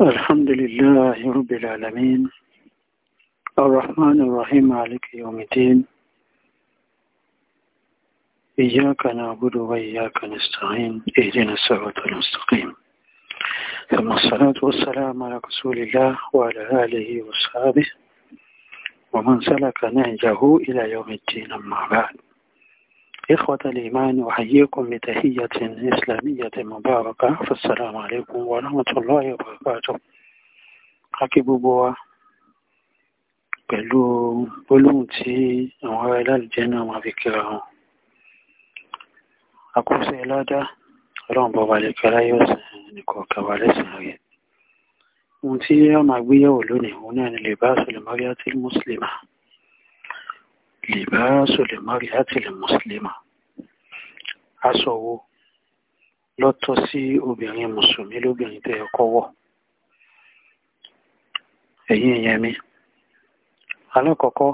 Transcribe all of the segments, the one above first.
الحمد لله رب العالمين الرحمن الرحيم عليك يوم الدين إياك نعبد وإياك نستعين اهدنا الصراط المستقيم ثم الصلاة والسلام على رسول الله وعلى آله وصحبه ومن سلك نهجه إلى يوم الدين أما بعد إخوة الإيمان أحييكم بتحية إسلامية مباركة فالسلام عليكم ورحمة الله وبركاته kí gbogbo wa pẹ̀lú gbólóhùn tí àwọn ará ìlàlùjẹ́ náà máa fi kíra wọn àkóso ẹlọ́dá ọlọ́run bọba lè kẹ́lá yóò sàn nìkan kẹwà lẹ́sàn rẹ̀ ohun tí a máa gbéyẹ̀wò lónìí òun náà ni lè bá sùlùmọ́ríà tí mùsùlùmá libasu lil mar'ati lil muslima aṣọ wo lọ́tọ́ sí obìnrin mùsùlùmí lóbìnrin tẹ́ ẹ̀kọ́ wọ̀ ẹ̀yìn èèyàn mi alákọ̀ọ́kọ́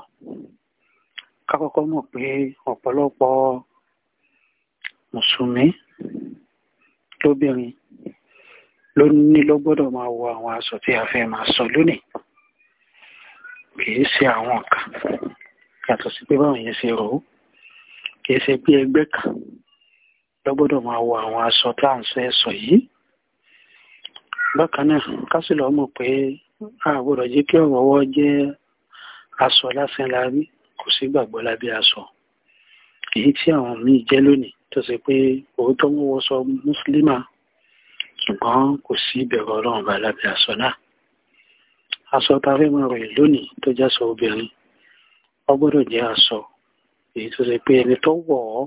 kákọ́kọ́ mọ̀ pé ọ̀pọ̀lọpọ̀ mùsùlùmí lóbìnrin ló ní ló gbọ́dọ̀ máa wọ àwọn aṣọ tí a fẹ́ máa sọ lónìí kì í ṣe àwọn kan yàtọ̀ sí pé báwọn yẹn ṣe rò ó kì í ṣe pé ẹgbẹ́ kan ló máa wọ àwọn aṣọ tá à ń sọ ẹ̀ yìí bákan náà kásìlọ́ mọ̀ pé a jẹ́ kí ọ̀rọ̀ ọwọ́ jẹ́ aṣọ lásán la rí kò sí gbàgbọ́ lábẹ́ aṣọ èyí tí àwọn míì jẹ́ lónìí tó ṣe pé òótọ́ wọn wọṣọ mùsùlùmá ṣùgbọ́n kò sí ìbẹ̀rù ọlọ́run bá lábẹ́ aṣọ náà aṣọ tá a fẹ́ máa ròyìn lónìí tó jásọ obìnrin ó gbọ́dọ̀ jẹ́ aṣọ èyí tó ṣe pé ẹni tó wọ̀ ọ́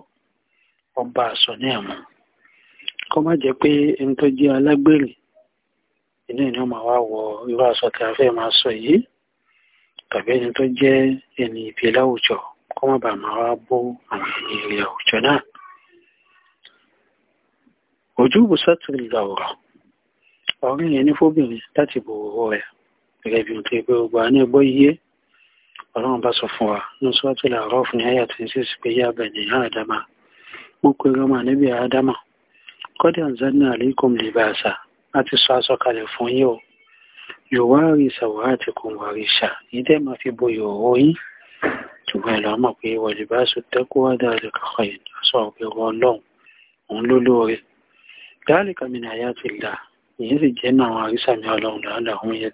ọba aṣọ ní àmọ́ kó má jẹ́ pé ẹni tó jẹ́ alágbèrè inú ìní ọmọ wa wọ irú aṣọ tí a fẹ́ máa sọ yìí tàbí ẹni tó jẹ́ ẹni ìpìlẹ̀ àwùjọ kó má bàa máa wá bó àwọn ẹni ilé àwùjọ náà ojú bùsátìrì làwòrán ọ̀rìn yẹn fóbìnrin láti bò wọ́ rẹ̀ gẹ́gẹ́ bí ohun tó yẹ pé gbogbo àánú ẹgbọ́ yíyé ọlọ́run bá sọ fún wa ní sọ́tò làárọ̀ fún ní àyà twenty six pé yá bẹ̀ni àdámà mo pe ọmọ níbi àdámà kọ́dí àǹzánà àlékún lè bá àṣà láti sọ aṣọ kalẹ̀ fún yín o yòówá rí ìṣàwọ̀ àti kòǹwà rí ṣà yìí dẹ́ máa fi bo yòówó yín ṣùgbọ́n ẹ̀ lọ́wọ́ mọ̀ pé wọ̀lì bá sọ tẹ́kọ̀ wá dáadé kọ̀kọ́ yìí aṣọ ìwọ ọlọ́run òun ló lóore dáàlì kàmínà àyà ti là ìyẹn sì jẹ́ náà àwọn àrísàmì ọlọ́run làálàá òun yẹ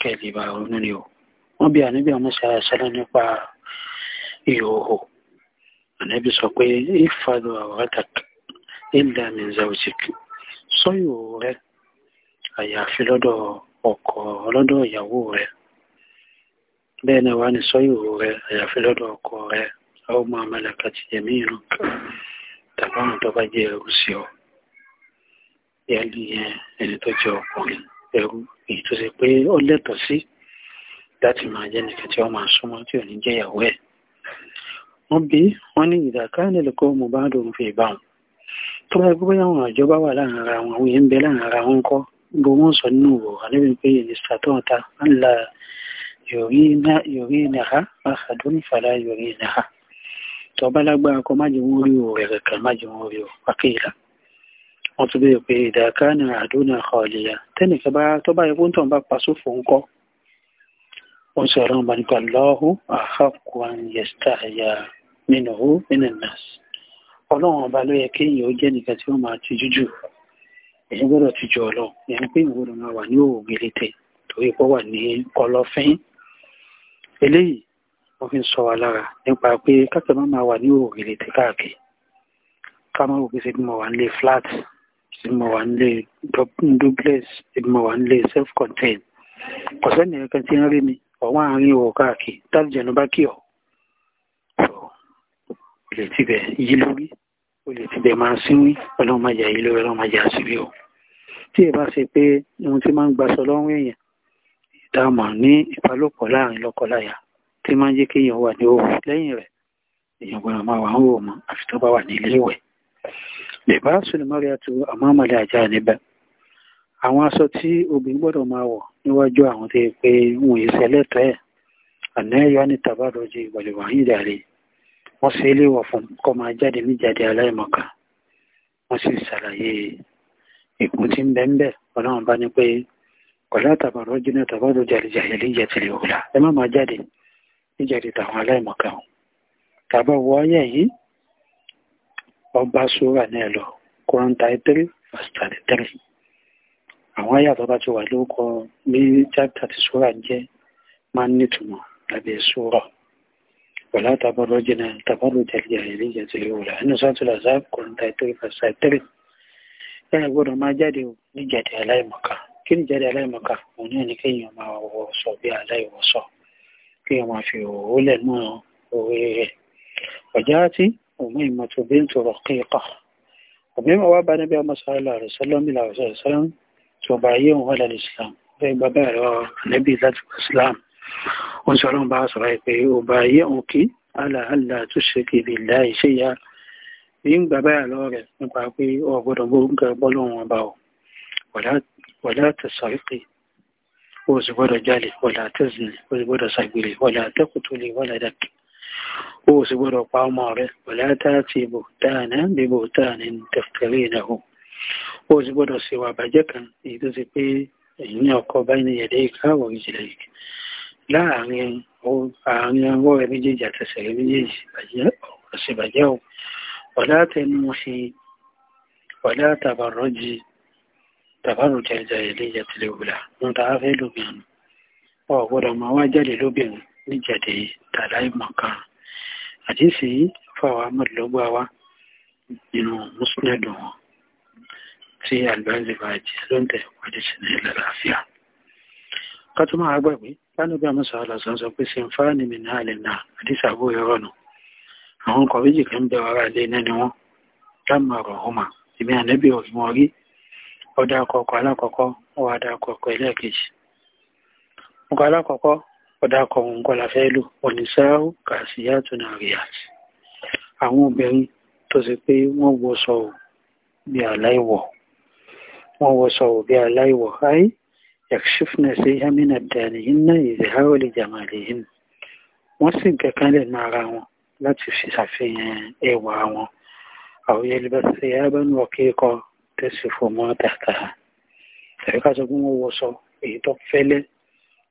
kẹlẹ̀ ìbàrún nílé wọ́n bí ànábì ọmọ sàrásálà nípa ìhòòhò ànábì sọ pé ìfàdù àwọ̀rátàk ìlà mìzàwùsìk sọ ìhòòhò rẹ àyàfi lọ́dọ̀ ọkọ lọ́dọ̀ ìyàwó rẹ bẹ́ẹ̀ náà wá ní sọ ìhòòhò rẹ àyàfi lọ́dọ̀ ọkọ rẹ àwọn ọmọ amẹ́lẹ̀kà ti jẹ̀mí ìrùn tàbáwọn tó bá jẹ́ ẹrú sí ọ yẹ́lú yẹn ẹni tó jẹ́ ọkùnrin ẹrú èyí tó ṣe pé ó lẹ́tọ̀ọ́ sí láti máa jẹ́ nìkan tí wọ́n máa súnmọ́ tí ò ní jẹ́ ìyàwó ẹ̀ wọ́n bí wọ́n ní ìdàká nílùkọ́ mo bá dòun fi bá wọn tó bá gbogbo àwọn àjọ bá wà láàrin ara wọn àwọn èèyàn bẹ láàrin ara wọn kọ́ gbogbo wọn sọ nínú wò àlébí pé ìnìsà tó ń ta yòrí nàá àhàdó nífàlà yòrí nàá tó bá lágbára kọ má jẹ wọn rí o rẹ̀ kan má jẹ wọn rí o wákìlá wọ́n tún bèèrè pé ìdàká ní wọ́n sọ ọ̀rọ̀ mọ̀lúkà lọ́hù àhàkùn yẹ̀stà àyà nínú hù nínú nàásì ọlọ́run ọba ló yẹ kéèyàn ó jẹ́ nìkan tí wọ́n máa ti jújù èyàn gbọ́dọ̀ ti jù ọlọ́run èyàn pé ìwòrán máa wà ní òwò gẹlẹ́tẹ̀ torí pọ́ wà ní kọ̀lọ̀fín eléyìí wọ́n fi ń sọ wa lára nípa pé káàkiri máa máa wà ní òwò káàkiri ká máa wò pé ṣe bí mo wà nílé flat ṣe mo wà nílé duplex ṣe mo wà nílé self-contained kò sẹ́ni ẹ̀kan tí ń rí mi ọwọ́ àárín ìwọ̀ káàkiri tàbí jẹ̀nu bá kí ọ̀ lè ti bẹ̀ yí lórí o lè ti bẹ̀ máa sínwí ọlọ́run máa jà yí lórí síbí o tí ẹ bá ṣe pé ohun tí máa ń gbaṣọ lọ́rùn èèyàn ìdààmú ní ìbálòpọ̀ láàrin lọ́kọláya tí máa ń jẹ́ kí èèyàn wà ní òwò lẹ́yìn rẹ̀ èèyàn gbọ́dọ̀ máa wà ń wò mọ́ àfi tó bá wà ní ilé ìwẹ̀ lè bá sùnmọ́rí àti àmọ́ àmọ́lẹ̀ níbẹ̀ àwọn aṣọ tí obìnrin gbọ́dọ̀ máa wọ̀ níwájú àwọn tó yẹ pé wọn yìí sẹlẹ̀tọ̀ ẹ̀ ànáyọ ní tàbádọ́jì ìwàlẹ̀wà yìí dàrí wọ́n sì lè wọ̀ fún kọ́ máa jáde níjáde aláìmọ̀ká wọ́n sì ṣàlàyé ìkún tí ń bẹ́ ń bẹ̀ ọlọ́run bá ní pé kọ̀lá tàbádọ́jì náà tàbádọ́jì àlejàlẹ̀ ìjà tìlẹ̀ òwúlà ẹ má máa jáde níjáde tàwọn aláìmọ̀ká wọn tàbá wọ ọyẹ yìí ọba sóra náà lọ kọ́ńtà 3 verse 33 àwọn àyàtọ̀ bá ti wà lóko ní chapter àti sura jẹ́ máa ń nítumọ̀ lábẹ́ sura wala tabarrajna tabarrujal jahiliyyati al-ula nínú suratul Ahzab kọ́ńtà three verse three ẹ̀rẹ̀ gbọ́dọ̀ máa jáde ní jáde aláìmọ̀ká kí ni jáde aláìmọ̀ká òun náà ni kéèyàn máa wọ̀ọ́sọ bí aláìwọ̀ọ́sọ kéèyàn máa fi òwò lẹ̀ náà òwe rẹ̀ ọ̀já tí òun ìmọ̀tò bí ń tọrọ kéèkọ̀ òmíràn wá bá níbi ọmọ sọ́ọ́lá tọba ayé òun wọ́n lẹ́lẹ́ islam bẹ́ẹ̀ bàbá ẹ̀rọ ànẹ́bí láti wọ islam ó ń sọ̀rọ̀ bá sọ̀rọ̀ pé ọba ayé òun kí aláàlá tó ṣe kìbì láì ṣe ya bí ń bàbá ẹ̀rọ rẹ̀ nípa pé ọgbọ́dọ̀ gbórúkọ bọ́lọ̀ wọn bá ọ wọ̀lá tẹ̀sọ̀ríkì ó sì gbọ́dọ̀ jalè wọ̀lá tẹ̀sìn ó sì gbọ́dọ̀ ṣàgbèrè wọ̀lá tẹ́kùtùlé wọ̀lá dàkì ó sì gbọ́dọ̀ pa ọmọ rẹ̀ wọ̀lá tààtì bò dáná bíbò dáná ó sì gbọ́dọ̀ ṣe wà bàjẹ́ kan èyí tó ṣe pé èyí ní ọkọ̀ báyìí ní ẹ̀dẹ́ ìkáwọ̀ ìjìnlẹ̀ yìí láàárín àárín ọwọ́ rẹ méjèèjì àtẹsẹ̀ rẹ méjèèjì ọ̀sẹ̀ bàjẹ́ o ọ̀dá tẹnu fi ọ̀dá tàbàrọ̀ jì tàbàrù jẹjẹ ìléyà tìlẹ̀ òwúlà ń ta fẹ́ lóbìnrin ọ̀ gbọ́dọ̀ máa wá jáde lóbìnrin níjàde tàdá ìmọ̀kan àdísì fáwọn amọ̀lọ́gbà wa nínú mùsùlùmí ẹ̀dùn wọn tí àlùbáyé bá jẹ́ ló ń tẹ̀ wájú sí ní ilẹ̀ àlàáfíà. ká tó máa gbàgbé lánàá bí amúsà alásán sọ pé sinfa ni mi náà lè na àdìsá bó yọrọ nù àwọn ọkọ̀ méjì kan bẹ ọ̀rá ilé iná ni wọ́n dáàmú ọ̀rọ̀ ọ̀húnmá èmi ànábì òrí wọn rí ọ̀dà àkọ́kọ́ alákọ̀ọ́kọ́ ọ̀wà àdà àkọ́kọ́ ẹlẹ́ẹ̀kejì ọkọ̀ alákọ̀ọ́kọ́ ọ̀dà àkọ́kọ́ nǹkan la àwọn obìnrin tó ṣe pé wọ́n wọ sọ bí aláìwọ̀ wọn wọṣọ òbí aláìwọ̀ ayé yakshifna sí yamina danihinna ìzìháwọlì jamalihin wọ́n sì gẹ̀kan lè máa ra wọn láti fi ṣàfihàn ẹwà wọn àwọn yẹlẹbẹsẹ abẹnú ọkẹkọ tẹsí fòmọ tàkà tàbí ká sọ pé wọ́n wọṣọ èyí tó fẹ́lẹ́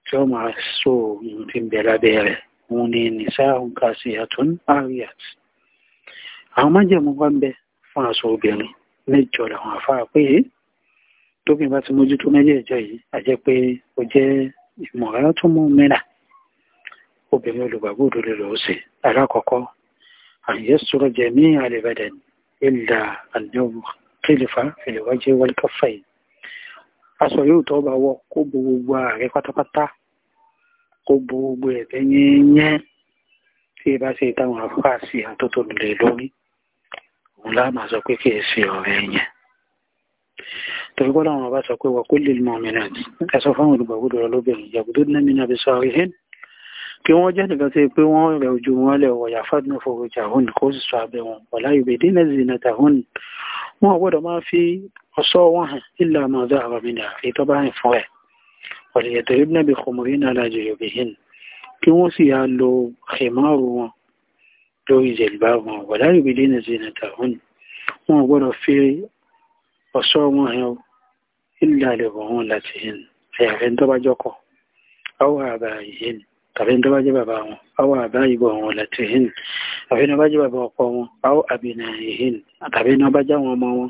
tí wọ́n máa so ohun tí ń bẹ lábẹ́ rẹ̀ òun ni nìṣá nǹkan sí àtún ariat àwọn májèmú bá ń bẹ fún aṣọ obìnrin mẹ́jọ làwọn àfáà pé tóbi bá ti mójútó méjèèjọ yìí a jẹ́ pé ó jẹ́ ìmọ̀ràn tó mú mìíràn obìnrin olùgbàgbọ́ òdodo lòó ṣe alákọ̀ọ́kọ́ àyẹ̀sọ̀rọ̀ jẹ̀mí àlèbẹ̀dẹ̀ ìlà àdéhùn kìlìfà fìlìwájú wọlékọ́fà yìí aṣọ yóò tọ́ bá wọ kó bo gbogbo ààrẹ pátápátá kó bo gbogbo ẹ̀fẹ́ yẹ́nyẹ́ tí ẹ bá ṣe táwọn afurasí àtótó lè lórí òun láà sọ pé kì í ṣe ọ̀rẹ́ yẹn torí gbọ́dọ̀ àwọn ọba sọ pé wà kó lè mọ ọmọ náà ẹ sọ fáwọn olùgbàgbọ́dọ̀ rẹ lóbìnrin yàgùdó nínú iná bí sọrí hìn kí wọ́n jẹ́ nìkan tó pé wọ́n rẹ ojú wọn lẹ̀ wọ̀yà fádùn fòròjà hùn kó sì sọ abẹ́ wọn wọ̀lá ìwé dínà zinata hùn wọn gbọ́dọ̀ máa fi ọ̀ṣọ́ wọn hàn ilẹ̀ àmọ́dọ́ àwọn mi nà èyí tó bá rìn fún ẹ̀ wọ̀lẹ̀yẹ̀tọ̀ ibùdó bí kòmòrí náà lájọ yorùbá hìn kí wọ́n sì yá lo àìmọ́rù wọn lórí ìjẹ̀lùbá wọn wọ̀lá ìwé dínà zinata hùn wọn gbọ́dọ̀ fi ọ̀ṣọ́ wọn hàn ilẹ̀ àlèbọ̀hún láti hin àyàfẹ́ tó bá jọ́kọ̀ awọ àbá yìí tàbí tó bá jẹ́ bàbá wọn awọ àbá ìbọ̀ wọn láti hin àfi tó bá jẹ́ bàbá ọkọ wọn awọ àbìnà yìí tàbí tó bá jẹ́ wọn ọmọ wọn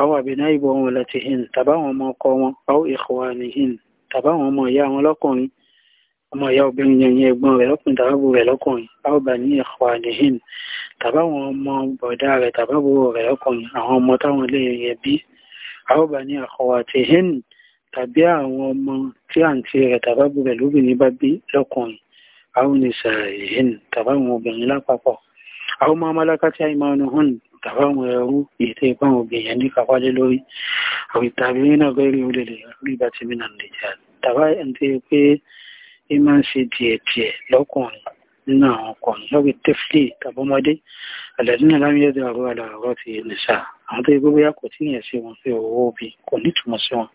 awọ àbìnà ìbọ̀ wọn láti hin tàbá wọn ọmọ ọkọ wọn awọ ìkọwà nìyìn tàbá wọn ọmọ ìyá wọn lọ́kùnrin ọmọ ìyá obìnrin yẹn yẹn ẹ̀gbọ́n rẹ̀ lọ́kùnrin tàbábò rẹ̀ lọ́kùnrin àwọbà ní ẹkọ àdéhìn tàbáwọn ọmọ bọ̀dá rẹ̀ tàbábò rẹ̀ lọ́kùnrin àwọn ọmọ táwọn ilé yẹn bí أو بني أخواتهن tàbí àwọn ọmọ tí àǹtí rẹ̀ tàbábù rẹ̀ lóbìnrin bá bí lọ́kùnrin àwọn nìsàáyìn tàbáwọn obìnrin lápapọ̀ àwọn ọmọ amálákátí àìmánu hàn tàbáwọn ẹrú ètò ìpáwọn obìnrin ní kàwálé lórí àwọn ìtàbí nínú ọgọ́rí olèlè lórí bá ti mìíràn nìjà tàbá ẹ̀ǹtẹ́ pé ẹ máa ń ṣe díẹ̀díẹ̀ lọ́kùnrin nínú àwọn ọkùnrin lọ́wọ́ tẹ́fìlì tàbọ́mọdé àlẹ́dínà lámìyẹ́dẹ̀ àrọ́ àlàrọ́ ti nìsàá àwọn tó yẹ gbogbo yàkọ̀ tí yẹn ṣe wọn fẹ́ owó bí kò nítumọ̀ sí wọn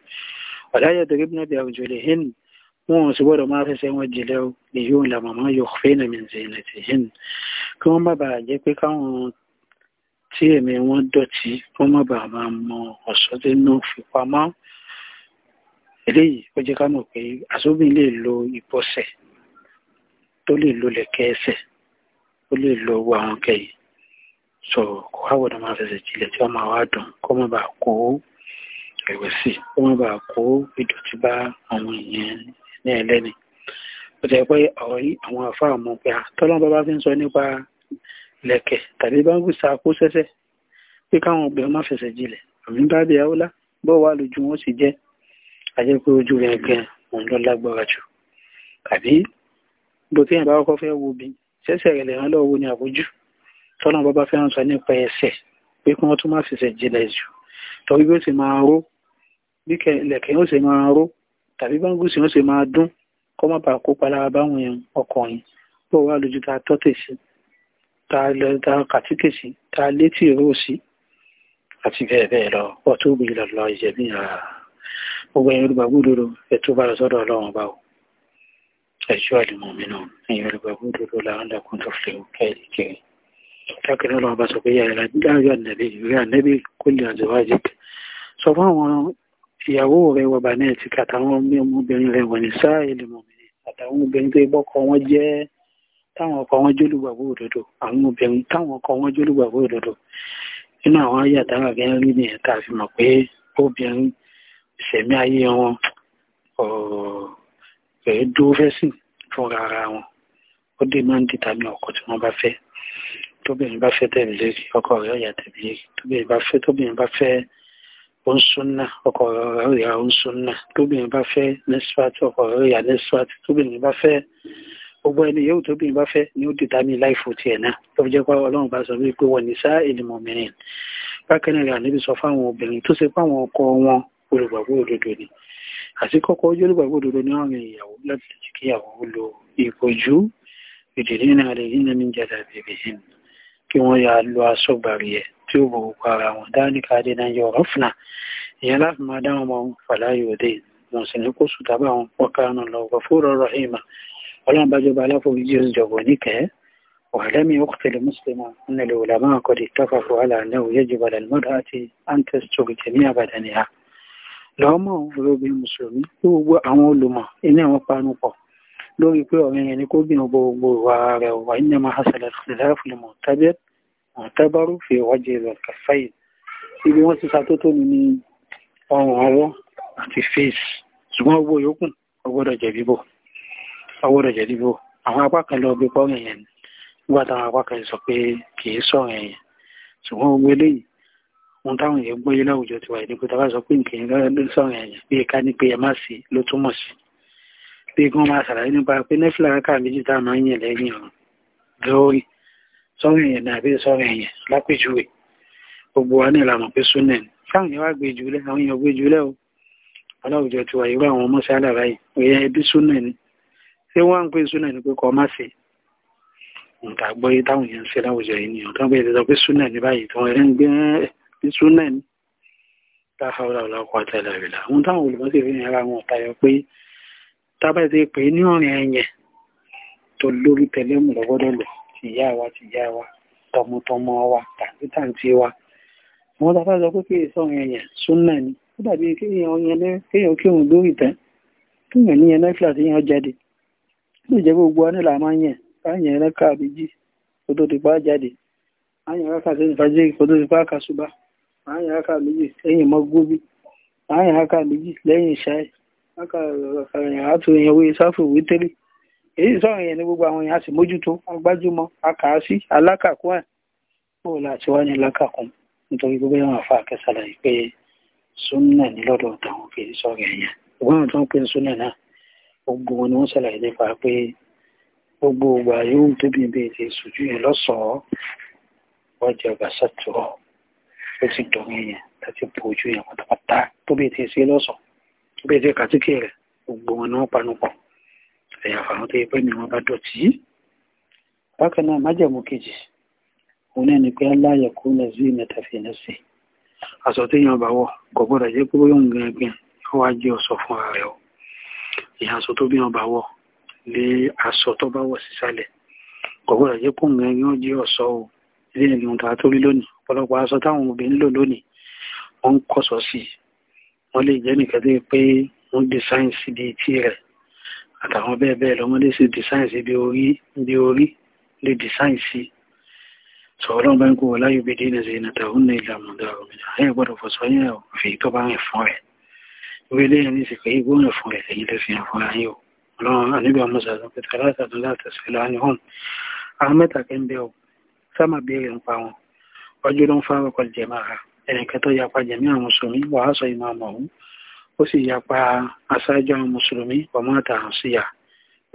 ọ̀dáyà tó gébùnà bí àwùjọ lè hìn wọn ò sì gbọ́dọ̀ máa fẹsẹ̀ wọn jìlẹ̀ èyí ò là màmá yóò fẹ́ nà mí ṣe nà ti hìn kí wọ́n má bàa jẹ́ pé káwọn tí ẹ̀mí wọn dọ̀tí kí wọ́n má bàa máa mọ ọ̀ṣọ́ tó ń fi pamọ́ eléyìí ó jẹ́ ká mọ̀ pé àsóbìn lè lo ìbọ̀sẹ̀ tó lè lo lẹ̀kẹ́ ẹsẹ̀ ó lè lo owó àwọn kẹyìn so kò wá gbọ́dọ̀ máa fẹsẹ̀ jílẹ̀ tí wọ́n máa wá dùn kó má bàa kó ìrẹ̀wẹ̀sì kó má bàa kó ìdọ̀tí bá àwọn èèyàn ní ẹlẹ́ni ó jẹ́ pé ọ̀rọ̀ yìí àwọn àfáà mọ̀ pé àtọ́lọ́n bá bá fi ń sọ nípa lẹ̀kẹ̀ tàbí bá ń gbèsè àkó sẹ́sẹ́ pé káwọn obìnrin má fẹsẹ̀ jílẹ̀ àmì bá bí aúlá bó wà lójú wọn sì jẹ́ ajẹ́ pé ojú rẹ̀ gan òun lọ lágbára jù tàbí bó tí bá kọ́kọ́ fẹ́ wo obìnrin sẹ́sẹ̀ rẹ̀ lè rán lọ́wọ́ ní àbójú tọ́lọ́n bá bá fẹ́ràn sọ nípa ẹsẹ̀ pé kí wọ́n tún má fìṣẹ̀ jìnlẹ̀ jù torí bí ó sì máa ró bí kẹ̀lẹ̀kẹ̀ ó sì máa ró tàbí báńgùsì ó sì máa dún kọ́ má bàa kópa lára báwọn èèyàn ọkùnrin bó wà lójú ta tọ́tẹ̀ sí ta lẹ́ta kàtíkè sí ta létí ìró sí àti bẹ́ẹ̀ bẹ́ẹ̀ lọ ọtún gbé lọ́lọ́ ìjẹ̀bí ara gbogbo ẹ̀yin olùgbàgbọ́dodo ẹ̀tún bá lọ sọ́dọ̀ ọlọ́run bá o ẹ̀ṣọ́ àlùmọ̀mí náà ẹ̀yin olùgbàgbọ́dodo làwọn làkúndọ̀ fẹ́ kẹ́ẹ̀lì kiri lákìní ọlọ́run bá sọ pé yàrá dáyọ̀ ànẹ́bí rí ànẹ́bí kó lè àjọwájì sọ fún àwọn ìyàwó rẹ̀ wọ bà náà ti kàtàwọn ọmọbìnrin rẹ̀ wọ̀ ní sáà ilẹ̀ mọ̀mìnì àtàwọn obìnrin tó bọ́kọ wọn jẹ́ táwọn ọkọ wọn jólùgbàgbó òdodo àwọn obìnrin táwọn ọkọ wọn jólùgbàgbó òdodo nínú àwọn ayé àtàwọn àgbẹ̀rẹ̀ rí nìyẹn tá a fi mọ̀ pé obìnrin ìṣẹ̀mí ayé wọn ọ̀ọ́ dúró fẹ́ sìn fúnra ara wọn ó dé máa ń dìtàmí ọkọ tí wọ́n bá fẹ́ tóbìnrin bá fẹ́ tẹ̀mí lérí ọkọ rẹ̀ ọ̀yà tẹ̀mí lérí tóbìnrin bá fẹ́ tóbìnrin bá fẹ́ oúnṣúná ọkọ rẹ̀ ọ̀yà oúnṣúná tóbìnrin bá fẹ́ nẹ́sífàtì ọkọ rẹ̀ ọ̀yà nẹ́sífàtì tóbìnrin bá fẹ́ gbogbo ẹni yóò tóbìnrin bá fẹ́ ni ó dìtà mí láìfò tiẹ̀ náà tó fi jẹ́ pé ọlọ́run bá sọ wípé wọ́n ní sá ìlìmọ̀ mìíràn bákan náà rà níbi sọ fáwọn obìnrin tó ṣe fáwọn ọkọ wọn olùgbàgbọ́ òdodo ni àti kọ́kọ́ ojú olùgbàgbọ́ òdodo ní àwọn ìyàwó láti lè jẹ́ kí ìyàwó lo ìbojú ìdílé náà rẹ̀ yìí náà ní jàdà bèbè yìí kí wọ́n yà lọ aṣọ gbàrí ẹ̀ tí ó bò ó para wọn dáníkà adédáyé ọ̀rọ̀ fúnà ìyẹn láti máa dáhùn ọmọ wọn fàlàyé òde wọn sì ní kó sùtà bá wọn pọkànù lọ gọfúrọ rahima ọlọ́run bá jọba aláforíjì ìjọba oníkẹ́ ولم يقتل مسلما أن العلماء قد اتفقوا على أنه يجب على المرأة أن تستر جميع بدنها لهم أولو بالمسلمين هو أولو ما إنه lórí pé ọ̀rẹ́ yẹn ni kó bínú gbogbo wa rẹ̀ wà ní ma hasalẹ̀ ṣẹlẹ́fìlẹ̀ mọ̀tẹ́bẹ̀ mọ̀tẹ́bárú fi wájú rẹ̀ kẹfẹ́yì ibi wọ́n ti ṣàtótó mi ní ọrùn ọwọ́ àti fèsì ṣùgbọ́n owó yòókù ọgbọ́dọ̀ jẹ̀bíbò ọgbọ́dọ̀ jẹ̀bíbò àwọn apá kan lọ bí pọ́rin yẹn nígbà táwọn apá kan sọ pé kì í sọ̀rọ̀ yẹn ṣùgbọ́n gbogbo eléyìí ohun táwọn èèyàn gbóyé láwùjọ tiwa ìdíkù tá a bá sọ pé nǹkan sọ̀rọ̀ yẹn bí ká ní pé ẹ má sí ló túmọ̀ sí pé kí wọ́n máa ṣàlàyé nípa pé nẹ́fìlà rákà méjì tá a máa ń yàn lẹ́yìn ọ̀run lórí sọ́rọ̀ èèyàn nàbí sọ́rọ̀ èèyàn lápèjúwe gbogbo wa ní ìlànà pé súnẹ̀ ni fáwọn èèyàn wá gbé jùlẹ̀ àwọn èèyàn gbé jùlẹ̀ o aláwùjọ ti wà irú àwọn ọmọ sálà báyìí èèyàn ẹbí súnẹ̀ ni ṣé wọ́n ń pè súnẹ̀ ni pé kọ́ má ṣe nǹkan gbọ́ yé táwọn èèyàn ń ṣe láwùjọ yìí ni ọ̀gá gbé ìdẹ́sọ pé súnẹ̀ ni báyìí tí wọ́n rẹ̀ ń gbé ní súnẹ̀ ni táwọn olùbọ́sẹ̀ fi hàn ara wọn ọ̀tayọ pé tábà ti pè ní ọ̀rìn ẹ̀yẹ tó lórí tẹ̀lẹ́mù lọ́gbọ́dọ̀ lò tìyá wa tìyá wa tọmọtọmọ wa tàbí tàǹtí wa wọn tàbá sọ pé kéè sọ̀rìn ẹ̀yẹ súnà ni ó dàbí kéèyàn kéèyàn kéèyàn lórí tẹ́ kéèyàn níyẹn nẹ́fìlà tí yẹn jáde ó jẹ́ gbogbo wa nílà máa ń yẹn káyẹn ẹlẹ́ka àbíjì kó tó ti pa jáde àyàn rákà sí ìfàjẹ́ kó tó ti pa kàṣùbà àyàn rákà méjì lẹ́yìn mọ́gbóbí àyàn rákà méjì lẹ́yìn ìṣáì akàròyìn àtòyìn owó ìsáfù wítírì èyí sọ̀rọ̀ yẹn ní gbogbo àwọn èèyàn sì mójútó agbájúmọ́ akàásí alákàkún ẹ̀ bóò láti wá ní alákàkún nítorí gbogbo àwọn àfa àkẹsàlà yìí pé súnà ní lọ́dọ̀ táwọn kì sọ̀rọ̀ ẹ̀yàn ìgbọ́n àwọn tó ń pè súnà náà gbogbo wọn ni wọ́n ṣàlàyé nípa pé gbogbo ìgbà yóò tóbi bí ètò ìṣojú yẹn lọ́sọ̀ọ́ wọ́n jẹ́ ọgbà sátúrọ̀ ó ti dọ̀rọ̀ yẹn láti bo yẹn pátápátá tóbi ètò ìṣe lọ́sọ̀ọ́ bẹ́ẹ̀ jẹ́ kàtíkì rẹ̀ gbogbo wọn ni wọ́n panupọ̀ ẹ̀yà fàwọn tó yẹ pé mi wọn bá dọ̀tí. bákan náà májẹ̀mú kejì òun náà ni pé aláyẹ̀ kó lẹ̀ sí ìmẹ̀ta fi ẹ̀ sí aṣọ tó yàn bá wọ̀ kò gbọ́dọ̀ jẹ́ pé bóyá nǹkan ẹgbẹ́ ó wá jẹ́ ọ̀ṣọ́ fún ara rẹ̀ o ìyá aṣọ tó bí wọn bá wọ̀ lé aṣọ tó bá wọ̀ sísàlẹ̀ kò gbọ́dọ̀ jẹ́ pé nǹkan ẹgbẹ́ jẹ́ ọ̀ṣọ́ o ilé ìlú ta tó rí lónìí ọ̀pọ̀lọpọ̀ aṣọ táwọn obìnrin lò lónìí wọ́n ń kọ́sọ̀ sí i wọ́n lè jẹ́ nìkan tó pé wọ́n di sáyẹ̀nsì di etí rẹ̀ àtàwọn bẹ́ẹ̀ bẹ́ẹ̀ lọ wọ́n lè ṣe di sáyẹ̀nsì bí orí bí orí lè di sáyẹ̀nsì sọ̀rọ̀ lọ́wọ́ bá ń kó wọ láyé bèdè ní ṣe ìnàtà òun ní ìlà àmọ̀dá ọ̀rọ̀ mi ẹ̀ gbọ́dọ̀ fọ̀sọ́ yẹn òfin tó bá rìn fún rẹ̀ ìwé lẹ́yìn ní ìsìnkú yìí gbóhùn fún rẹ̀ lẹ́yìn lẹ́sìn fún ayé o ọlọ́run àníbà mọ́sà ló pẹ̀tà látàdún látàṣẹ́ láàrin hàn àwọn mẹ́ta kẹ́ ń bẹ́ o sáà má béèrè ń pa wọn ọjọ́ ló ń ẹnìkan tó yapa jẹ̀mí àwọn mùsùlùmí wà á sọ ìmọ̀ ọ̀hún ó sì yapa aṣáájú àwọn mùsùlùmí ọmọ àtàrùn síyà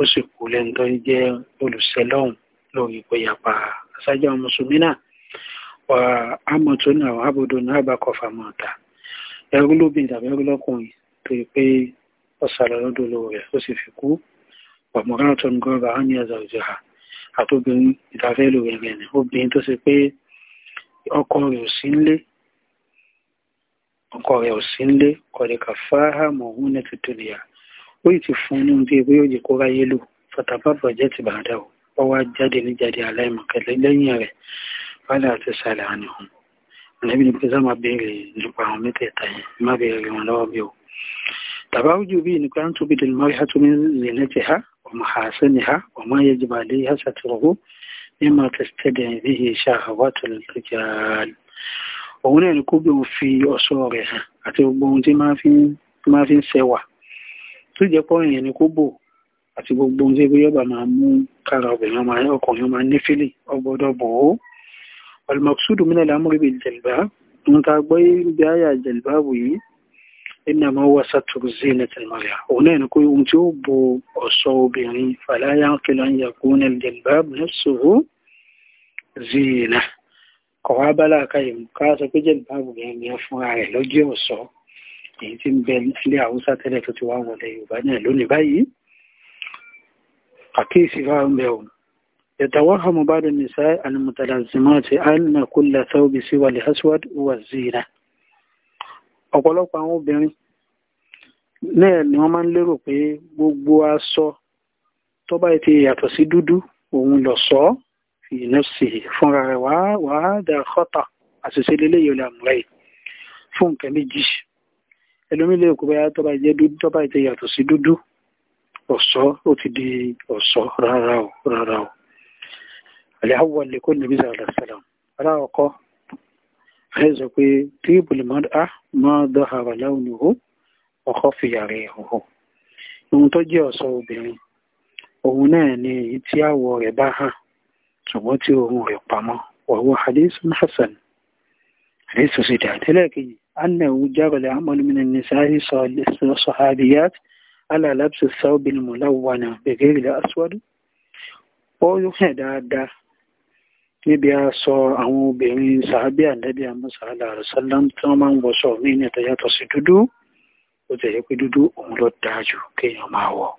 ó sì kú lẹ́nu tó jẹ́ olùsẹ́lọ́hùn lórí pé yapa aṣáájú àwọn mùsùlùmí náà wà á mọ̀ tó náà àbòdò náà bá kọfà mọ̀ ọ̀tà ẹrú lóbìn tàbí ẹrú lọ́kùnrin tó yẹ pé ọ̀sàlọ́ lọ́dọ̀ lọ́wọ́ rẹ̀ ó sì fi kú ọ̀mọ̀ràn tó ń gọ́ra á ọkọ rẹ ò sí nílé kọlẹkà fáhà mọhún ní tuntun ìyá ó yìí ti fún ní bí ewé òjì kó ráyé lò fàtàbà bọjẹ ti bàdà ó wọn wá jáde ní jáde aláìmọkẹlẹ lẹ́yìn rẹ wálé àti sàlẹ àná ọhún ànábì ní pẹsẹ máa ha wa mahasini ha wa ayẹjìbà lè yá sàtìrọ̀hó mímọ̀ tẹ̀sítẹ́dẹ̀ bíi iṣẹ́ àwọn òun náà ni kóbè ò fi ọ̀ṣọ́ rẹ̀ hàn àti gbogbo ohun tí máa fi ń ṣẹwà tó jẹ́ pọ́ ìyẹn ni kóbò àti gbogbo ohun tí ẹgbẹ́ yọba máa mú kára obìnrin ọmọ ọkùnrin ọmọ nífìlì ọgbọ́dọ̀ bò ó ọlùmọ̀kúsùdù mílẹ̀ lámúrí bíi jẹ̀lbá ń ta gbọ́ ibi àyà jẹ̀lbá wù ẹni àmọ́ wà sátúrú sí nẹtẹ̀lmọ́ríà òun náà ni pé ohun tí ó bo ọ̀ṣọ́ obìnrin fàlàyà kìlọ̀ ń yàgò ní jẹ̀lbá nẹ́sọ̀rọ̀ zìnà kọ̀wá bálàkà ìmú ká sọ pé jẹ́ ìbáàbò yẹn ni fúnra rẹ̀ lọ́jọ́ ọ̀sọ́ èyí tí ń bẹ ilé haúsá tẹ́lẹ̀ tó ti wá wọlé yorùbá náà lónìí báyìí àkíyèsí bá ń bẹ òun يتوهم بعض النساء المتلازمات أن كل ثوب سوى الأسود هو الزينة ọ̀pọ̀lọpọ̀ àwọn obìnrin náà ni wọ́n máa ń lérò pé gbogbo aṣọ tó bá ti yàtọ̀ sí dúdú òun lọ̀ṣọ́ ìnọ́sì fúnra rẹ̀ wà á dà kọ́tà àṣìṣe lélẹ́ yóò lè àmúra yìí fún nǹkan méjì ẹlòmí lè kó báyà tọ́ba jẹ́ dúdú tọ́ba jẹ́ yàtọ̀ sí dúdú ọ̀ṣọ́ ó ti di ọ̀ṣọ́ rárá o rárá o àlẹ́hàwọ̀ lè kó nàbí sàlẹ̀ sàlẹ̀ ará ọkọ ẹ sọ pé tíìbù lè máa dọ́ àrà láwùjọ ọkọ fìyà rẹ̀ hàn ohun tó jẹ́ ọ̀ṣọ́ obìnrin òun náà ni èyí àwọ̀ rẹ̀ bá hàn ṣùgbọ́n tí oorun rẹ̀ pamọ́ ọ̀rọ̀ hadithun hasan hadith sì dá ẹlẹ́ẹ̀kejì annahu jarọlẹ̀ amọ̀lùmínà nisa'i sahabiyat ala labsi thawbin mulawwana bighayril aswad ó hàn dáadáa níbi a sọ àwọn obìnrin sàábí ànábì àmúsàálà àrùsálàm tí wọ́n máa ń wọṣọ mí ní ìtẹ̀yàtọ̀ sí dúdú ó tẹ̀yẹ pé dúdú òun ló dáa jù kéèyàn máa wọ̀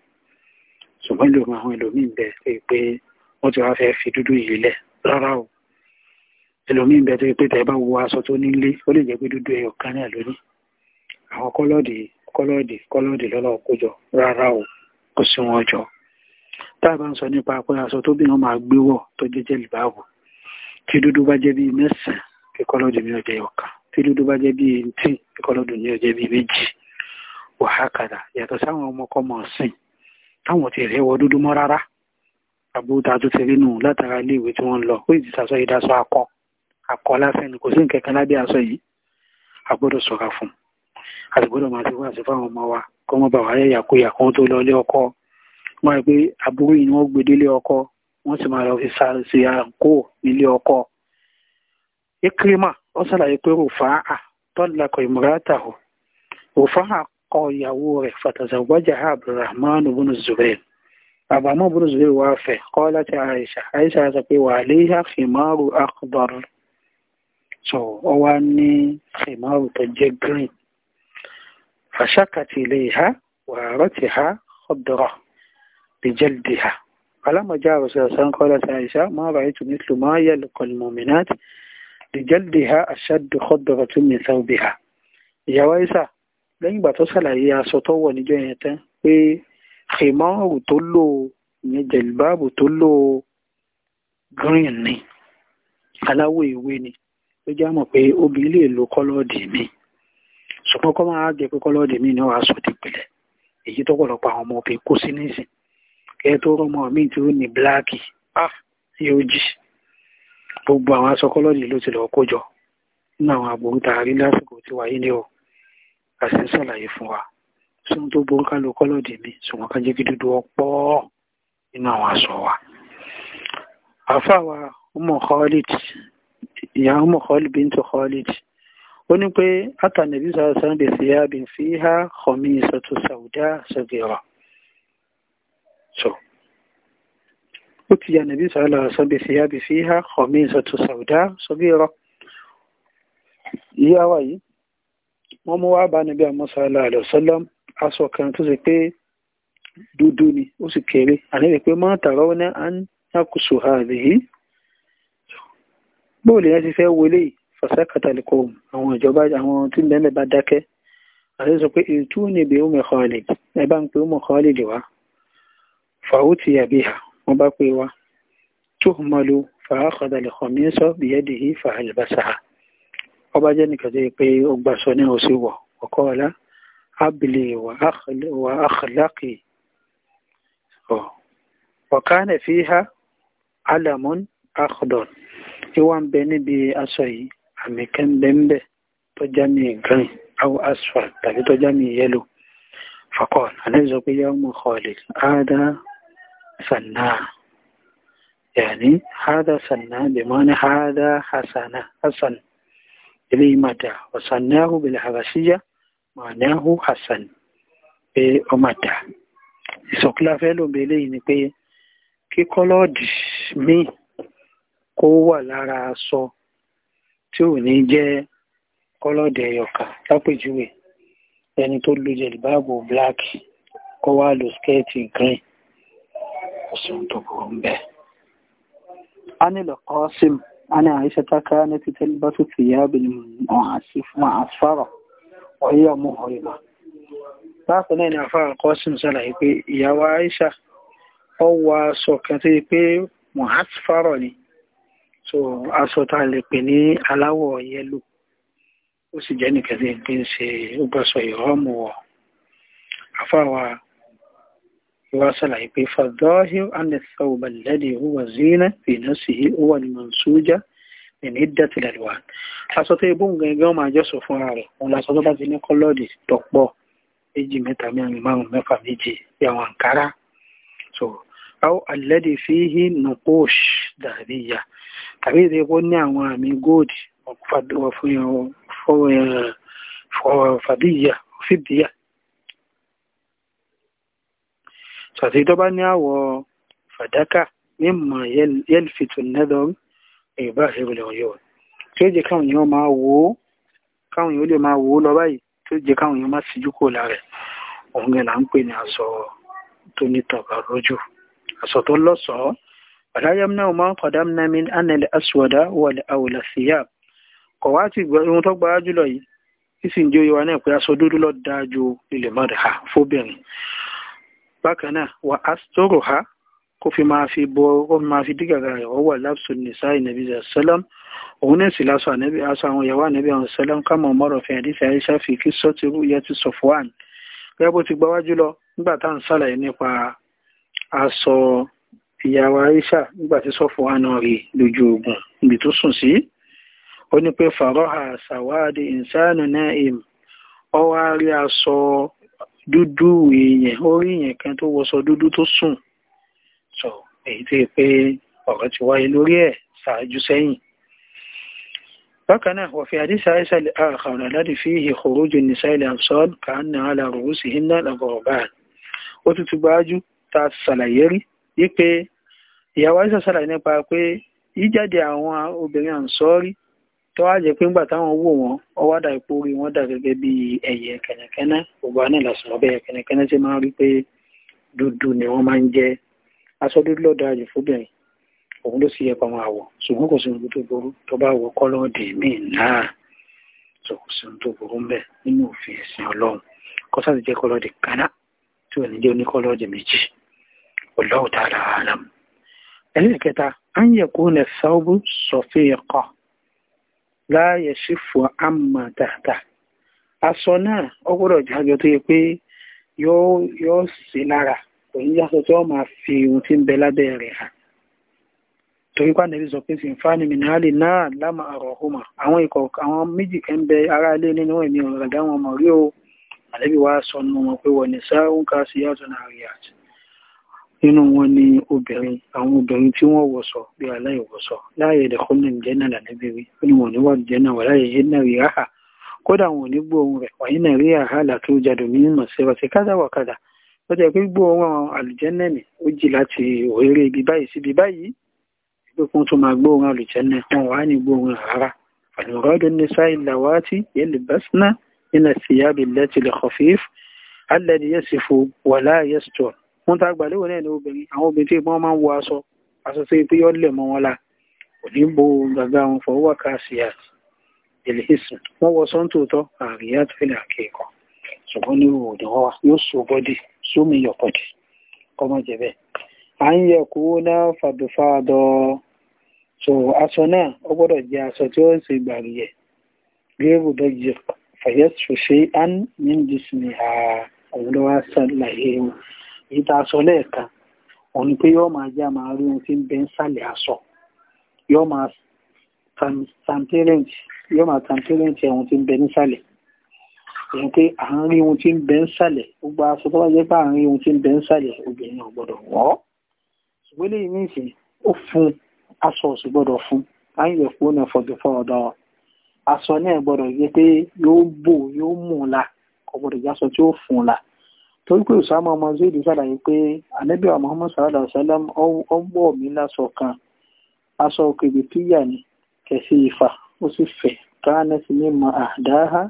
ṣùgbọ́n lóun àwọn ẹlòmíín bẹ́ẹ̀ pé wọ́n ti wá fẹ́ fi dúdú yìí lẹ̀ rárá o ẹlòmíì ń bẹ tó pé tẹ́ bá wo aṣọ tó nílé ó lè jẹ́ pé dúdú ẹyọ kan náà lónìí àwọn kọ́lọ́ọ̀dì kọ́lọ́ọ̀dì kọ́lọ́ọ̀dì lọ́nà òkójọ rárá o kò sí wọn jọ tá a bá ń sọ nípa pé aṣọ tó bí wọn máa gbé wọ̀ tó jẹ́jẹ́ lìbáàbò tí dúdú bá jẹ́ bíi mẹ́sàn kí kọ́lọ́ọ̀dì mi ò jẹ́ ọ̀kan tí dúdú bá jẹ́ bíi tíì kí kọ́lọ́ọ̀dì mi ò jẹ́ bíi méjì wàhákàdà yàtọ̀ sáwọn ọmọkọ́mọ ọ̀sìn táwọn ti rẹ́wọ́ dúdú mọ́ rárá àbúta tó ti rí nù látara iléèwé tí wọ́n lọ ó sì sàsọ yìí dáṣọ akọ akọ lásán ni kò sí nǹkan kan lábẹ́ aṣọ yìí àgbọ́dọ̀ ṣọ́ra fún àtìgbọ́dọ̀ máa ti wá sí fáwọn ọmọ wa kó wọ́n bá wà yẹ yàkóyà kó wọ́n tó lọ ilé ọkọ wọ́n rí pé aburú yìí ni wọ́n gbé délé ọkọ wọ́n sì máa lọ fi sa ṣe àǹkó nílé ọkọ Ikirima ó ṣàlàyé pé Rùfáà tọ́lákọ̀ ìmúratàhù Rùfáà kọ ìyàwó rẹ̀ fàtàzàwájà Abdulrahman ibn Zubair àbámọ́ bùnú zùlẹ̀ wà fẹ̀ kọ́ láti àìsà àìsà sọ pé wà léyà fìmárù akbar so ọ wá ní fìmárù tó jẹ́ green fàṣàkàtì ilé ha wà rọ́tì ha ọ̀dọ̀rọ̀ bìjẹ́lìdì ha alámọ̀já àrùsọ̀ sàn kọ́ láti àìsà máa rà ètò nítorí máa yẹ lùkọ̀lùmọ̀mìnát bìjẹ́lìdì ha aṣáàdù ọ̀dọ̀rọ̀ tún mi sáwọ́ bì ha ìyàwó àìsà lẹ́yìn ìgbà tó ṣàlàyé aṣọ tó wọ̀ níjọ́ yẹn tán pé ṣèmọ́rù tó lò ìyẹn jẹ̀lúbáàbù tó lò green ni aláwọ̀ ewé ni ló já mọ̀ pé obìnrin lè lo kọ́lọ́ọ̀dì mi ṣùgbọ́n kọ́ máa jẹ́ pé kọ́lọ́ọ̀dì mi ni wàá sọ ti pìlẹ̀ èyí tó pọ̀lọpọ̀ àwọn ọmọ obìnrin kó sí nísìn kẹ́ tó rọ́mọ mi tí ó ní bíláàkì ah yóò jì gbogbo àwọn aṣọ kọ́lọ́ọ̀dì ló ti lọ kó jọ nínú àwọn àbòrúta rí lásìkò tí wáyé ní o àṣìṣàlàyé fún wa sóhun tó borí ká ló kọ́lọ̀dì mi ṣùgbọ́n ká jẹ́ kí dúdú ọpọ́ nínú àwọn aṣọ wa. àfáwa umu khalid ìyá umu khalid bintu khalid ó ní pé atànàbí sàrásán lè fi yáàbí fi há kọmí ìsọtún sàúdá sọgẹrọ so ó ti yà nàbí sàrásán lè fi yáàbí fi há kọmí ìsọtún sàúdá sọgẹrọ ìyá wa yìí wọ́n mú wá bá nàbí àmọ́sàlá àlọ́sọ́lọ́m aṣọ kan tó ṣe pé dúdú ni ó sì kéré àníbi pé má tààrọ ní àkóso ààrẹ yìí bóòlù yẹn ti fẹ́ wọlé fàṣàkàtà lẹ́kọ̀ọ́ àwọn ìjọba àwọn tí mẹ́lẹ̀ bá dákẹ́ àti sọ pé ètò níbi ó mẹ́kọ̀ ọ̀lẹ̀ ẹ bá ń pe ó mọ̀kọ̀ ọ̀lẹ̀ wá fàáwù ti yàbí hà wọ́n bá pé wá tó mọ́lu fàákọ̀dà lẹ́kọ̀ọ́ mi sọ bìyẹ́dì yìí fàálùbáṣà ọba jẹ́ nìkan tó yẹ pé ó gbàṣọ náà ó sì wọ̀ ọ̀kọ́ ọ̀la قبلي وأخل وأخلاقي وكان فيها علم أخضر يوان بيني بي أسوي أميكن بيني تجامي غري أو أسفل تبي تجامي يلو فقال أنا زوجي يوم خالد هذا سنة يعني هذا سنة بمعنى هذا حسنة حسن إلي متى وصناه بالحبسية mọ̀nẹ́hù hasan pé ọmọ dà ìsọ̀kúláfẹ́ lòun eléyìí ni pé kí kọ́lọ́ọ̀dì míì kó wà lára aṣọ tí ò ní jẹ́ kọ́lọ́ọ̀dì ẹ̀yọ̀kà lápèjúwe ẹni tó lu jẹ̀lìbáàbò black kó wá lu skẹ́ẹ̀tì green ọ̀sán tó burú ń bẹ́ẹ̀. عن القاسم عن عائشة كانت تلبس ثياب معصفرة ọ̀yẹ́ ọmọ ọ̀rìnà bákan náà ni àfáà Qasim ṣàlàyé pé ìyàwó Aisha ọ wọ aṣọ kan tó yẹ pé mohatfaro ni so aṣọ tá a lè pè ní aláwọ̀ yẹ́lò ó sì jẹ́ nìkan tí pé ń ṣe ó ìrọ́mù wọ̀ àfáà wa ìní dẹ̀tìlẹ̀ wà aṣọ tó ibú gẹ́gẹ́ ọmọ àjọsọ fún ara rẹ̀ òun làṣọ tó bá ti ní kọ́lọ́ọ̀dì tó méjì mẹ́ta mẹ́rin márùn mẹ́fà méje bí àwọn so aw alẹ́dì fíhí nukosh dàbí ìyá tàbí ìdí epo ní àwọn àmì gold eh, eh, fàdíyà fìdíyà sàtìtọ́ bá ní àwọ̀ fàdákà mímọ̀ yẹlfìtù nẹ́dọ̀rù ìbá ìrìnlẹ ọ̀yọ́ tí ó jẹ́ káwọn èèyàn máa wò ó káwọn èèyàn lè máa wò lọ báyìí tí ó jẹ́ káwọn èèyàn máa ṣíjú kò lára òun yẹn là ń pè ní aṣọ tó ní tọ̀bà rójú aṣọ tó lọ́sọ̀ọ́ ọ̀dáyẹ́m náà mi wọlé àwòlà kọ̀ wá ti gbọ́ ohun tó gbára jùlọ yìí ìsìn jẹ́ wa náà pé aṣọ dúdú lọ dáa ju ilẹ̀ mọ́ra fóbìnrin bákan náà ha kó fi máa fi bọ kó fi máa fi dí gàgà rẹ̀ ọwọ́ lápsùn nìsá ìnàbí sàlám òun náà sì lásọ ànábì aṣọ àwọn ìyàwó ànábì àwọn sàlám kámọ̀ ọmọrọ̀ fi àdísì àyíṣà fi kí sọ́ọ̀tì rúyẹ ti sọ̀fọ́àn gẹ́gẹ́ bó ti gbáwájú lọ nígbà tá à ń sàlàyé nípa aṣọ ìyàwó àyíṣà nígbà tí sọ̀fọ́àn rí lójú ogun níbi tó sùn sí ó ní pé fàrọ́hà sàwádìí ìsánù náà ìm ọwọ́ á rí aṣọ dúdú èèyàn ó rí èèyàn kan tó wọṣọ dúdú tó sùn so èyí tí pé ọ̀rọ̀ ti wáyé lórí ẹ̀ ṣáájú sẹ́yìn bákanáà wọ̀fí àdísà àìsà àkàrà láti fi ìhè kòrójò nìsáìlì àfsọ́n kàánà alàrùú sí hinna lọ́gọ̀ọ̀bá ó ti ti gbáájú ta ṣàlàyé rí wípé ìyàwó àìsà ṣàlàyé nípa pé ìjáde àwọn obìnrin àǹsọ́rí tó wá jẹ́ pé ńgbà táwọn wò wọ́n ọwọ́ dà ipò orí wọn dà gẹ́gẹ́ bí ẹ̀yẹ kẹ̀nẹ̀kẹ́nẹ́ gbogbo àná ìlàsùn kẹ̀nẹ̀kẹ́nẹ́ ti máa rí pé dúdú ni wọ́n máa ń jẹ́ aṣọ dúdú lọ́dọ̀ àjò fóbìnrin òun ló sì yẹ kọ́ máa wọ̀ ṣùgbọ́n kò sí ohun tó burú tó bá wọ kọ́lọ́ọ̀dì míì náà tó kò sí ohun tó burú ń bẹ̀ nínú òfin ẹ̀sìn ọlọ́run kọ́sà ti jẹ́ kọ́lọ́ọ̀dì kaná tí ò ní jẹ́ oníkọ́lọ́ọ̀dì méjì Allahu ta'ala alam ẹlẹ́ẹ̀kẹta an yakuna thawbu safiqa la yashifu amma tahta aṣọ náà ó gbọ́dọ̀ tó yẹ pé yóò sí lára òun yàtọ̀ tí wọ́n máa fi ohun tí ń bẹ lábẹ́ rẹ̀ hàn torí pa nàbí sọ pé sì ń fáni mìnàlì náà lámà àrọ̀ ọ̀húnmà àwọn ikọ̀ àwọn méjì kan bẹ ará ilé nínú ẹ̀mí ọ̀gá wọn mọ̀ rí o àlẹ́bí wa sọ nù wọn pé wọ́n ní sáwọn ká sí yàtọ̀ náà rí àti nínú wọn ni obìnrin àwọn obìnrin tí wọ́n wọṣọ bí aláìwọṣọ láàyè ìdẹ̀kọ́ ní ìjẹ́nà lànàbí wí ó ní wọn ní wà jẹ́nà wà láàyè ìjẹ́nà rí àhà kódà wọn ò ní gbọ́ ohun rẹ̀ wàyí náà rí àhà làtó jadò ní ó jẹ́ pé gbóòórùn àlùjẹ́nẹ̀ ni ó jì láti òréré ibi báyìí síbi báyìí pé kún tó máa gbóòórùn àlùjẹ́nẹ̀ wọn wà ní gbóòórùn rárá àlùrọ́dọ̀ ní sáì làwátì yẹlẹ̀ bẹ́sínà nínú síyábì lẹ́tìlẹ̀ kọfíf alẹ́dì yẹ sì fò wà láàyè sọ wọn tá gbàlẹ́ wọn ní obìnrin àwọn obìnrin tí wọ́n máa ń wọ aṣọ aṣọ tó yẹ pé lẹ̀ mọ́ wọn la kò ní bo gàgà wọn fọwọ́ kàṣíyà ìlẹ́sìn wọ́n wọ sọ́ńtò tọ́ àríyá tó ilẹ̀ àkẹ́kọ̀ọ́ ṣùgbọ́n ní òòdùn yóò so súnmi yọ̀kọ̀dì kọmọ jẹ̀bẹ̀ à ń yẹ kó ná fàdùfàdọ̀ so aṣọ náà ó gbọ́dọ̀ jẹ́ aṣọ tí ó ń ṣe gbàrúyẹ̀ gírèbù dọ́jì fàyẹ́ ṣòṣe án ní disney àwòlọ́wà ṣàlàyé ìta aṣọ lẹ́ẹ̀kan òun ni pé yóò máa jẹ́ àmà rí ohun tí ń bẹ ń sàlẹ̀ aṣọ yóò máa transparent yóò máa transparent ohun tí ń bẹ nísàlẹ̀ èyí pé à ohun tí ń bẹ ń sàlẹ̀ gbogbo aṣọ tó bá jẹ́ pé à ń rí ohun tí ń bẹ ń sàlẹ̀ obìnrin ò gbọ́dọ̀ wọ̀ ṣùgbọ́n lè ní ìsìn ó fún aṣọ gbọ́dọ̀ fún náà fọ̀dọ̀ aṣọ náà gbọ́dọ̀ yẹ pé yóò la kò gbọ́dọ̀ jẹ́ aṣọ tí ó fún pé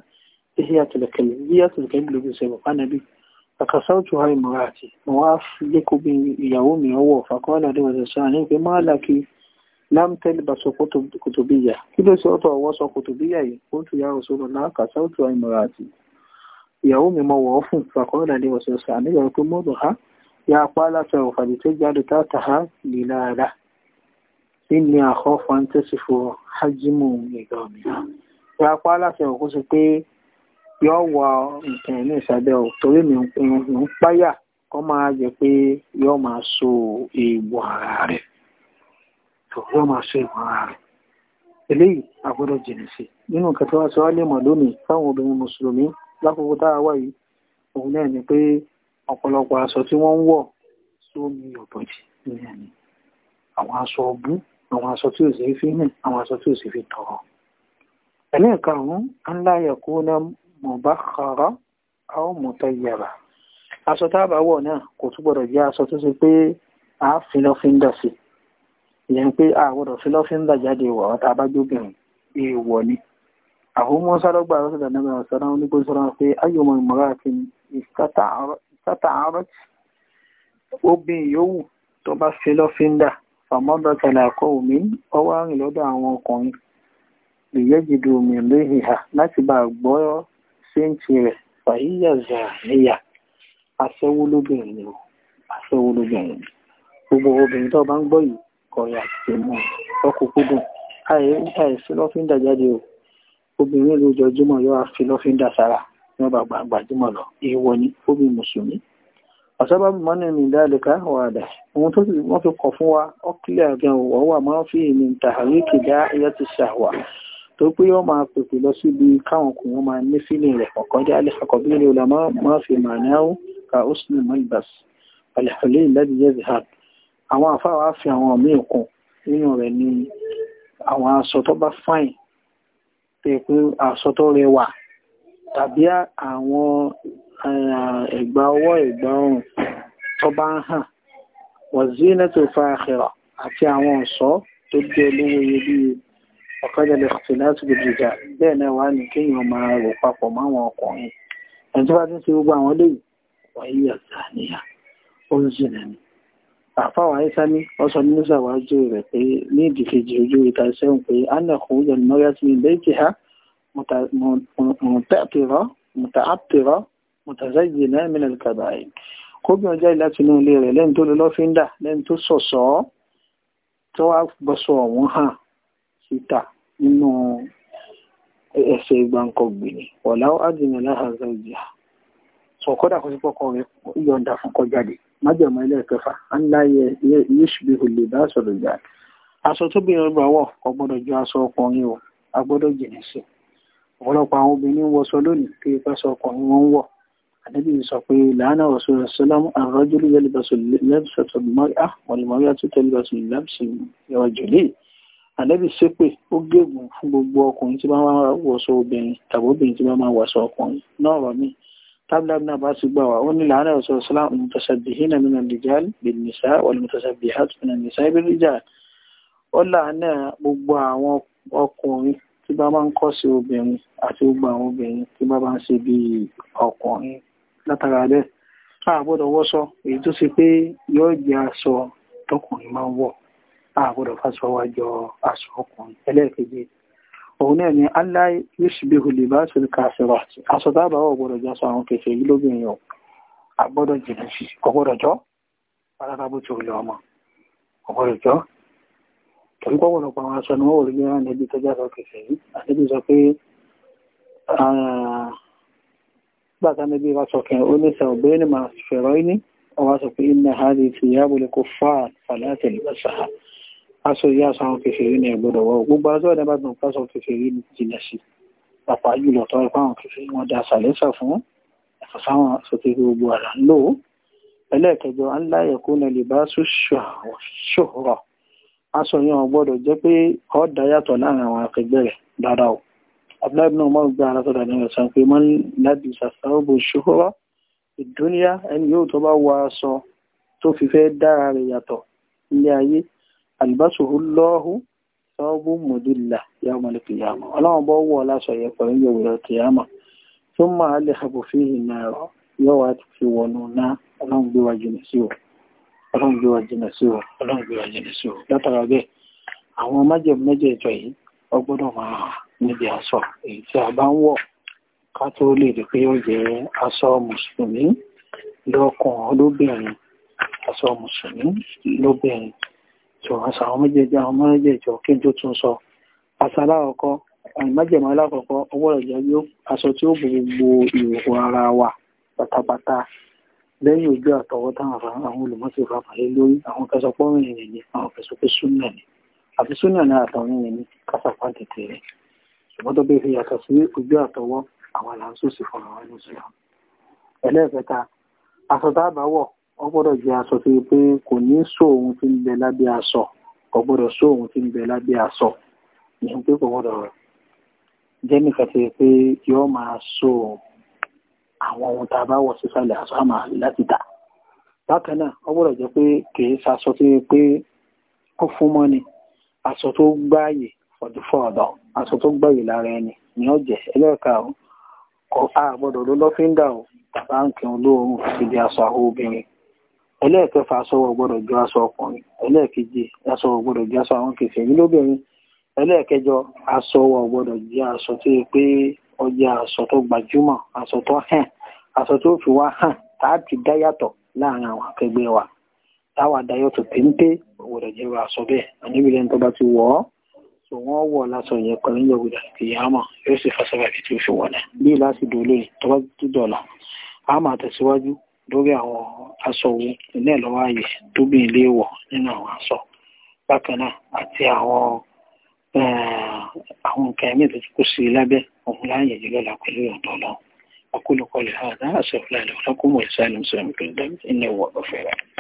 tahiyatul kalim tahiyatul kalim ló ṣe bàbá nàbí àkàsáwùtù ha ìmọ̀ráàtì mo wá lékò bí ìyàwó mi ọwọ́ fàkọ́ọ́lá dé wọ́n sọ ní pé máa làkì lámtẹ́lì bá sọ kòtòbíyà kí ló ṣe ọ̀tọ̀ ọwọ́ sọ kòtòbíyà yìí ó tù ya pa láti ọ̀fàdì hajimu ya yọ wọ nke ní ìsàlẹ̀ torí mi ń páyà kọ́ máa jẹ pé yọ máa so èèwọ̀ ara rẹ̀ yọ máa so ara eléyìí àgbọ́dọ̀ jìnnà sí nínú kẹta wá sọ lè mọ̀ lónìí fáwọn obìnrin mùsùlùmí lákòókò tá a wà yìí òun náà ni pé ọ̀pọ̀lọpọ̀ aṣọ tí wọ́n ń wọ̀ sómi ọ̀bọ̀jì ní ẹni fi hàn àwọn aṣọ tí ò sì fi tọrọ mùbákàrà àwọn mùtọ́yàrà aṣọ tá a bá wọ̀ náà kò tún gbọ́dọ̀ jẹ́ aṣọ tó ṣe pé a fi lọ́fíńdà sí ìyẹn pé a gbọ́dọ̀ fi lọ́fíńdà jáde wọ̀ ọ́ tá a ni àwọn ọmọ sárọ́gbà rọ́sọ̀dà náà sọ́dá wọn ní kó sọ́dá pé ayọ̀mọ̀ ìmọ̀ra àti ìsátà àárọ̀ obìnrin yòówù tó bá fi lọ́fíńdà fàmọ́dọ̀ tẹ̀lé àkọ́ lè yẹ́jìdò láti bá gbọ́ ṣe ń tirẹ̀ fàyíyà zàníyà aṣẹ́wó lóbìnrin ni o aṣẹ́wó lóbìnrin ni gbogbo obìnrin tó bá ń gbọ́ yìí kọrin àti mọ́ ọkùnkúndùn àìsí lọ́fíńdà jáde o obìnrin lójoojúmọ́ yóò fi lọ́fíńdà sára ní ọba gbàgbàjúmọ̀ lọ èèwọ̀ ni omi mùsùlùmí ọ̀sọ́bà mọ́nà mi dáadẹ́ká wà dà ohun tó sì wọ́n fi kọ̀ fún wa ọ́kílẹ̀ àgbẹ̀ òwò wà máa ń fi ìmìntàhàrí kìdá ẹyẹ ti ṣàwà tó pé wọ́n máa pèpè lọ síbi káwọn kò wọ́n máa ní fílìn rẹ̀ ọ̀kọ́já alẹ́kọ̀ọ́bí ní ọlọ́mọ máa fi màánáwó ka usni malbas alẹ́kọ̀ọ́lẹ́ ìlẹ́dì yẹ́zihad àwọn àfáwà fi àwọn míì kún nínú rẹ̀ ní àwọn aṣọ tó bá fáìn pé pé aṣọ tó tàbí àwọn eh, ẹ̀gbà ọwọ́ ẹ̀gbà ọrùn tó bá ń hàn wazina tó fa àti àwọn ọ̀ṣọ́ tó jẹ́ olówó iyebíye ọ̀kadàlẹ̀ ṣìláṣù gbèjìjà bẹ́ẹ̀ náà wà ní kéèyàn máa rò papọ̀ máwọn ọkùnrin ẹni tó bá ti ń ṣe gbogbo àwọn léyìí wáyé ọ̀sà ó ń jìnà ni àfáwà ayíṣá ní ọsọ nínú ṣàwájú rẹ̀ pé ní ìdìkejì ojú ìta sẹ́hùn pé anna kò yẹ lọ́yà sí ilé ìjìhá mùtàtìrọ́ mùtàtìrọ́ mùtàzáyì náà mìíràn kàbà yìí kóbi ọjà láti inú ilé rẹ̀ lẹ́yìn tó lọ́fíńdà lẹ́yìn tó sọ̀sọ́ tó wá gbọ́sọ̀ ọ̀hún hàn síta nínú ẹsẹ̀ ìgbàǹkọ̀gbè ni ọ̀làwọ́ àdìmọ̀lá àzọ̀jà sọ̀kọ́dà kó sí pọ́kọ́ rẹ̀ yọ̀ǹda fún kọjáde májèmọ́ ẹlẹ́ẹ̀kẹfà ńlá yéṣu bí olè bá sọ̀rọ̀ jáde aṣọ tó bìnrin bá wọ̀ kò gbọ́dọ̀ ju aṣọ ọkùnrin o a gbọ́dọ̀ jìnà sí ọ̀pọ̀lọpọ̀ àwọn obìnrin ń wọṣọ lónìí pé pẹ́sọ ọkùnrin wọn ń wọ̀ àdébí sọ pé làánà ọ̀ṣọ́ ìṣọ́lámù àrọ́jọ́lù yẹlẹ́bẹ̀ṣọ̀ lẹ́bṣọ̀tọ̀ mọ́ríà mọ̀lẹ́mọ́ríà tó lẹ́bṣọ̀ ìyọ̀jọ̀lẹ́ ànábì ṣépè ó gégùn fún gbogbo ọkùnrin tí wọ́n máa wọṣọ obìnrin tàbí obìnrin tí wọ́n máa wọṣọ ọkùnrin náà rọ̀ mí tábìlì náà bá sì gbà wá ó ní làánà ọ̀sọ̀ islam mutasabbihina min ar-rijal bin nisa wal mutasabbihat min an-nisa bil rijal ó làánà gbogbo àwọn ọkùnrin tí bá máa ń kọ́ sí obìnrin àti gbogbo àwọn obìnrin tí bá máa ń ṣe bí ọkùnrin látara bẹ́ẹ̀ a gbọ́dọ̀ wọṣọ èyí tó ṣe pé yóò jẹ́ aṣọ tọkùnrin máa ń wọ̀ àgbọ̀dọ̀ fásọ wa jọ aṣọ ọkùnrin ẹlẹ́ẹ̀kejì òun náà ni allah yushbihu libasu kafira aṣọ tábà wọ̀ gbọ́dọ̀ jọ aṣọ àwọn kẹfẹ́ yìí lóbìnrin o àgbọ́dọ̀ jìnnà sí ọgbọ́dọ̀ jọ pátákà bó ti wù lọ ọmọ ọgbọ́dọ̀ jọ torí pọ́pọ̀lọpọ̀ àwọn aṣọ ni wọ́n wò rí ní àwọn ẹbí tó kẹfẹ́ yìí àdébí sọ pé bàtà níbi wa sọ ó ní sọ bẹ́ẹ̀ ni màá fẹ̀rọ ní ọwọ́ sọ pé inna hadhihi thiyabu lil kuffar fala talbasaha aṣọ ìyá aṣọ àwọn kèfèrí ni ẹ̀gbọ́dọ̀ wọ̀ gbogbo aṣọ ọ̀dà bá gbọ̀n fásọ kèfèrí ni jìnà sí pàpà jùlọ tọ́ ipa àwọn kèfèrí wọn da àṣàlẹ́sà fún ẹ̀fọ́ sáwọn sókè gbogbo àlà ń lò ó ẹlẹ́ẹ̀kẹjọ aláyẹ̀kú ní libaṣu ṣòro aṣọ yẹn wọn gbọ́dọ̀ jẹ́ pé ọ̀dà yàtọ̀ láàrin àwọn akẹgbẹ́ rẹ̀ dáadáa o abdullahi náà mọ̀ gba ara sọ̀dà ní ọ̀sán pé mọ́ láti ṣàṣàròbò ṣòro ìdúnyá ẹni yóò tó bá wọ aṣọ tó fi fẹ́ dára rẹ̀ yàtọ̀ ilé ayé albasuhu lọ́hu sọ́ọ́bù mùdílà yàwó kìyàmà ọlọ́run bọ́ wọ́ láṣọ yẹ pẹ̀lú yóò wúrọ̀ kìyàmà tó máa lè hàbò fi ìhìnà rọ yóò wá ti fi wọnú náà ọlọ́run gbé wa jìnà sí o ọlọ́run gbé wa jìnà sí o ọlọ́run gbé wa jìnà sí o látara bẹ́ẹ̀ àwọn májèm méje níbi aṣọ èyí tí a bá ń wọ̀ ká tó lè rí pé ó jẹ́ aṣọ mùsùlùmí lọ́kùnrin lóbìnrin aṣọ mùsùlùmí lóbìnrin tó àṣà àwọn méjèèjì àwọn méjèèjì kí n tó tún sọ àṣà alákọ̀ọ́kọ́ àìmájẹ̀mọ́ alákọ̀ọ́kọ́ ọwọ́ ìyá yóò aṣọ tí ó bo gbogbo ìhòòhò ara wa pátápátá lẹ́yìn ojú àtọwọ́ táwọn àwọn olùmọ́sí fàfàlẹ́ lórí àwọn kẹsọpọ́ rìnrìn ni àwọn kẹsọpọ́ súnà ni àfi súnà ní àtọ̀rin ni ní kásàpá tètè rẹ̀ ṣùgbọ́n tó bẹ́ẹ̀ fi yàtọ̀ sí ojú àtọwọ́ àwọn làásù sí fọ̀rọ̀ wọn ní ìṣúná ẹlẹ́ẹ̀kẹta aṣọ tá a bá wọ̀ ó gbọ́dọ̀ jẹ́ aṣọ tó yẹ pé kò ní sọ ohun tí ń bẹ lábẹ́ aṣọ kò gbọ́dọ̀ sọ ohun tí ń bẹ lábẹ́ aṣọ ìyẹn pé kò gbọ́dọ̀ jẹ́ tó yẹ pé yọ máa sọ àwọn ohun tá a bá wọ̀ sísàlẹ̀ aṣọ àmà láti dà bákan náà ó gbọ́dọ̀ jẹ́ pé kìí ṣaṣọ tó yẹ pé fún mọ́ ni aṣọ tó ẹni ni ó ẹlẹ́ẹ̀ka a gbọ́dọ̀ ló lọ́fíńdà ń ẹlẹ́ẹ̀kẹfà aṣọ ò gbọ́dọ̀ ju aṣọ ọkùnrin ẹlẹ́ẹ̀keje aṣọ ò gbọ́dọ̀ ju aṣọ àwọn kèfèrí lóbìnrin ẹlẹ́ẹ̀kẹjọ aṣọ ò gbọ́dọ̀ jẹ́ aṣọ tó yẹ pé ó jẹ́ aṣọ tó gbajúmọ̀ aṣọ tó hàn aṣọ tó fi wá hàn táàtì dáyàtọ̀ láàrin àwọn akẹgbẹ́ wa táwa dáyàtọ̀ péńpé ò gbọ́dọ̀ jẹ́ aṣọ bẹ́ẹ̀ àníbìlẹ̀ tó bá ti wọ̀ ọ́ so wọ́n wọ̀ lásọ yẹn pẹ̀lú ìyọ̀gbìdà ti yàmà fa sábàbí tó fi wọ̀ náà bí láti dòlóyìn tó bá ti dọ̀là lórí àwọn aṣọ òun ìpínlẹ̀ lọ́wọ́ ààyè tó bí ilé wọ̀ nínú àwọn aṣọ bákan náà àti àwọn àwọn nǹkan ẹ̀mí tó ti kó sí lábẹ́ òun láàyè yìí lọ́la pẹ̀lú ọ̀dọ́ lọ. أقول قولي هذا أستغفر الله لي ولكم ولسائر المسلمين من ذنب إنه هو الغفور